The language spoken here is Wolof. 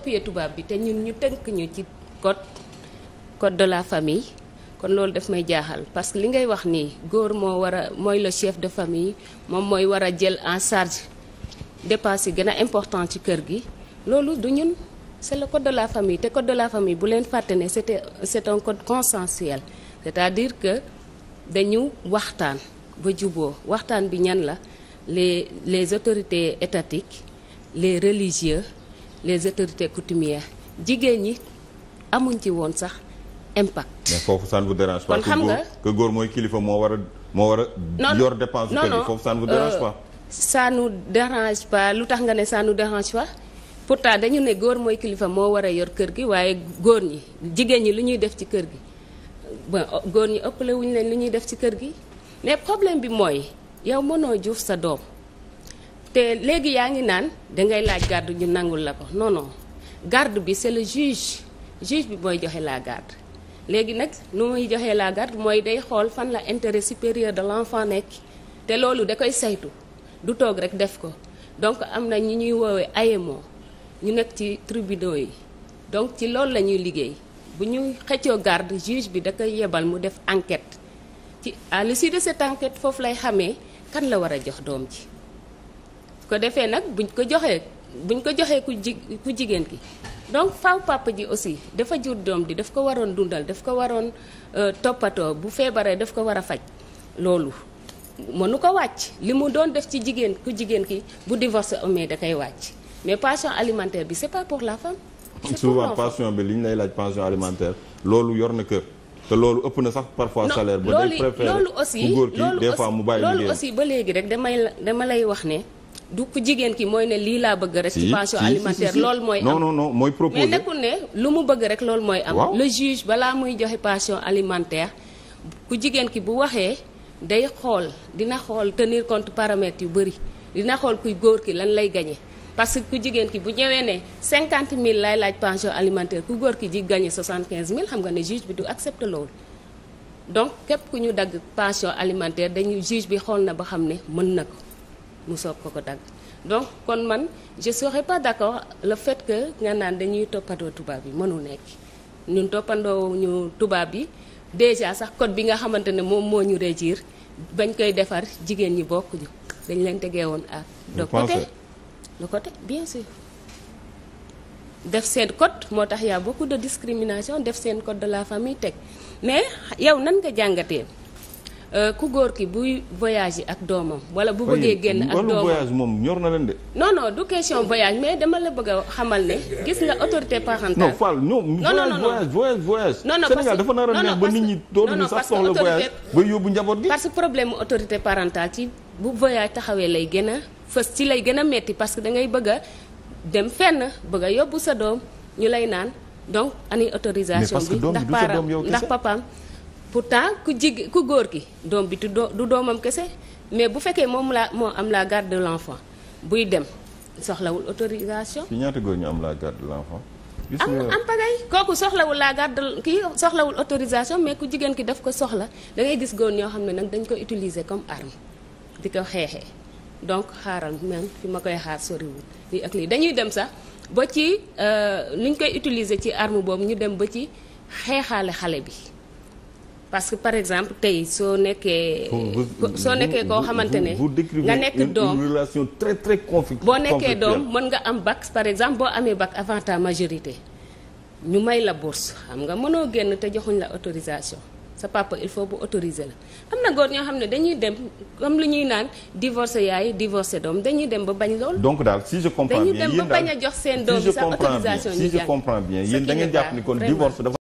copier tubaab bi te ñun ñu tënk ñu ci code code de la famille kon loolu daf may jaaxal parce que li ngay wax nii góor moo war a mooy le chef de famille moom mooy war a jël en charge dépenses yi gën a important ci kër gi loolu du ñun c'est le code de la famille te code de la famille bu leen fàtte ne c'était c'est un code consensuel c'est-à-dire que dañu waxtaan ba juboo waxtaan bi ñan la les les autorités étatiques les religieux les autorités coutumières jigéen ñi amuñ ci woon sax impact. foofu ça ne vous kon xam nga ko góor mooy kilifa moo war a moo war a. yor dépense kër gi foofu ça ne vous dérange pas. Euh, ça nous lu tax nga ne saanu nous dérange pas pourtant dañu ne góor mooy kilifa moo war a yor kër gi waaye góor ñi jigéen ñi lu ñuy def ci kër gi bon góor ñi ëppale wuñ leen lu ñuy def ci kër gi mais problème bi mooy yow mënoo juuf sa doom. te léegi yaa ngi naan dangay laaj garde ñu nangul la ko non non garde bi c'est le juge juge bi mooy joxe la garde léegi nag nu muy joxe la garde mooy day xool fan la intére supérieur de l'enfant nekk te loolu da koy saytu du toog rek def ko donc am na ñi ñuy woowee AEMO ñu nekk ci tribunaux yi donc ci loolu la ñuy liggéey bu ñu xëccoo garde juge bi da koy yebal mu def enquête ci à l'issue de cette enquête foofu lay xamee kan la war a jox doom ji ko defee nag buñ ko joxee buñ ko joxee ku ji ku jigéen ki donc faaw papa ji aussi dafa jur doom di daf ko waroon dundal daf ko waroon euh, toppatoo bu feebaree daf ko war a faj loolu mënu ko wàcc li mu doon def ci jigéen ku jigéen ki bu divorce amee da koy wàcc mais pension alimentaire bi c'est pas pour la femme. c'est souvent pension bi li ñu lay laaj pension alimentaire loolu yor na kër te loolu ëpp na sax parfois salaire. ba day préféré ku góor ki des fois mu bàyyi ba léegi rek damay dama lay wax ne. du ku jigéen ki mooy ne lii laa bëgg rek. ci pension alimentaire loolu mooy. am non non non mooy proposé mais nekkul ne lu mu bëgg rek loolu mooy. am le juge balaa muy joxe pension alimentaire ku jigéen ki bu waxee day xool dina xool tenir compte paramètres yu bëri dina xool kuy góor ki lan lay gañe parce que ku jigéen ki bu ñëwee ne cinquante mille lay laaj pension alimentaire ku góor ki di gagné soixante quinze mille xam nga ne juge bi du accepte loolu donc képp ku ñu dagg pension alimentaire dañuy juge bi xool na ba xam ne mën na ko. mu soog ko ko dagg donc kon man je serais pas d'accord le fait que nga naan dañuy toppandoo tubaab yi mënul nekk ñun toppandoo ñu tubaab yi déjà sax code bi nga xamante ne moom moo ñu régir bañ koy defar jigéen ñi bokkuñu dañ leen tegee woon ak de côté côté bien sûr def seen code moo tax yaa a de discrimination def seen code de la famille teg mais yow nan nga jàngatee Euh, ku góor ki buy voyage ak doomam wala bu bëggee génn ak doomam moom ñor na leen de non du question voyage mais dama la bëgg xamal ne gis nga autorité parentale non Fall ñoom voyage dafa nar a neex ba nit ñi dootuñu sax soxla voyage ba yóbbu njaboot gi parce que problème autorité parentale ci bu voyage taxawee lay gën a fës ci lay gën a metti parce que dangay ngay bëgg a dem fenn bëgg a yóbbu sa doom ñu lay naan donc ani autorisation bi ndax param pourtant ku jig ku góor ki doom bi du doomam kese mais bu fekkee moom laa moo am la garde de l'enfant buy dem soxlawul autorisation. fi ñaata góor ñu am la garde de l'enfant. am am pagay kooku soxlawul la garde kii soxlawul autorisation mais ku jigéen ki daf ko soxla dangay gis góor ñoo xam ne nag dañ ko utiliser comme arme di ko xeexee donc xaaral man fi ma koy xaar soriwul lii ak lii dañuy dem sax ba ci euh, ni ñu koy utiliser ci arme boobu ñu dem ba ci xeexaale xale bi. parce que par exemple tey soo nekkee. soo nekkee koo xamante ne. nga nekk doom une relation boo nekkee doom mën nga am bac par exemple boo amee bac avant majorité ñu may la bourse xam nga mënoo génn te joxuñ la autorisation sa papa il faut bu autoriser la. am na góor ñoo xam ne dañuy dem comme lu ñuy naan divorcé yaay divorcé doom dañuy dem ba bañ lool. donc daal si je comprends bien sa autorisation ñu jàng si je ni kon divorce dafa.